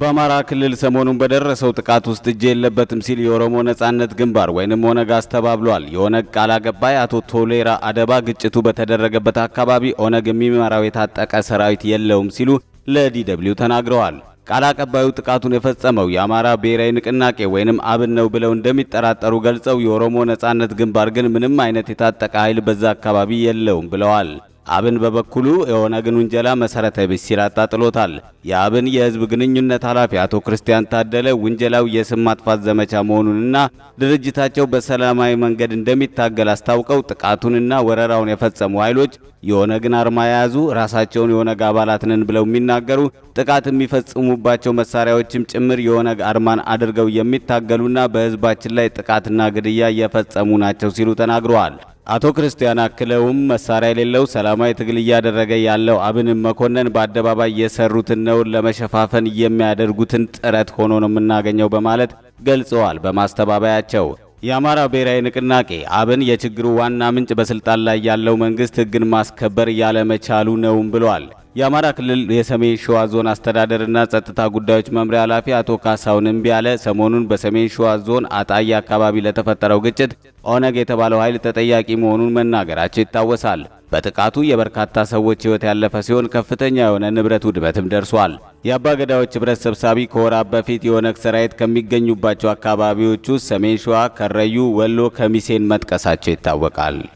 በአማራ ክልል ሰሞኑን በደረሰው ጥቃት ውስጥ እጅ የለበትም ሲል የኦሮሞ ነጻነት ግንባር ወይንም ኦነግ አስተባብሏል። የኦነግ ቃል አቀባይ አቶ ቶሌራ አደባ ግጭቱ በተደረገበት አካባቢ ኦነግ የሚመራው የታጠቀ ሰራዊት የለውም ሲሉ ለዲደብሊው ተናግረዋል። ቃል አቀባዩ ጥቃቱን የፈጸመው የአማራ ብሔራዊ ንቅናቄ ወይንም አብን ነው ብለው እንደሚጠራጠሩ ገልጸው የኦሮሞ ነጻነት ግንባር ግን ምንም አይነት የታጠቀ ኃይል በዛ አካባቢ የለውም ብለዋል። አብን በበኩሉ የኦነግን ውንጀላ መሰረተ ቢስ ሲል አጣጥሎታል። የአብን የህዝብ ግንኙነት ኃላፊ አቶ ክርስቲያን ታደለ ውንጀላው የስም ማጥፋት ዘመቻ መሆኑንና ድርጅታቸው በሰላማዊ መንገድ እንደሚታገል አስታውቀው ጥቃቱንና ወረራውን የፈጸሙ ኃይሎች የኦነግን አርማ የያዙ ራሳቸውን የኦነግ አባላት ነን ብለው የሚናገሩ ጥቃት የሚፈጽሙባቸው መሳሪያዎችም ጭምር የኦነግ አርማን አድርገው የሚታገሉና በህዝባችን ላይ ጥቃትና ግድያ እየፈጸሙ ናቸው ሲሉ ተናግረዋል። አቶ ክርስቲያን አክለውም መሳሪያ የሌለው ሰላማዊ ትግል እያደረገ ያለው አብን መኮንን በአደባባይ የሰሩትን ነውን ለመሸፋፈን የሚያደርጉትን ጥረት ሆኖ ነው የምናገኘው በማለት ገልጸዋል። በማስተባበያቸው የአማራ ብሔራዊ ንቅናቄ አብን የችግሩ ዋና ምንጭ በስልጣን ላይ ያለው መንግስት ህግን ማስከበር ያለመቻሉ ነውም ብሏል። የአማራ ክልል የሰሜን ሸዋ ዞን አስተዳደርና ጸጥታ ጉዳዮች መምሪያ ኃላፊ አቶ ካሳሁን እምቢ ያለ ሰሞኑን በሰሜን ሸዋ ዞን አጣዬ አካባቢ ለተፈጠረው ግጭት ኦነግ የተባለው ኃይል ተጠያቂ መሆኑን መናገራቸው ይታወሳል። በጥቃቱ የበርካታ ሰዎች ሕይወት ያለፈ ሲሆን ከፍተኛ የሆነ ንብረት ውድመትም ደርሷል። የአባገዳዮች ህብረት ሰብሳቢ ከወራት በፊት የኦነግ ሰራዊት ከሚገኙባቸው አካባቢዎች ውስጥ ሰሜን ሸዋ፣ ከረዩ፣ ወሎ፣ ከሚሴን መጥቀሳቸው ይታወቃል።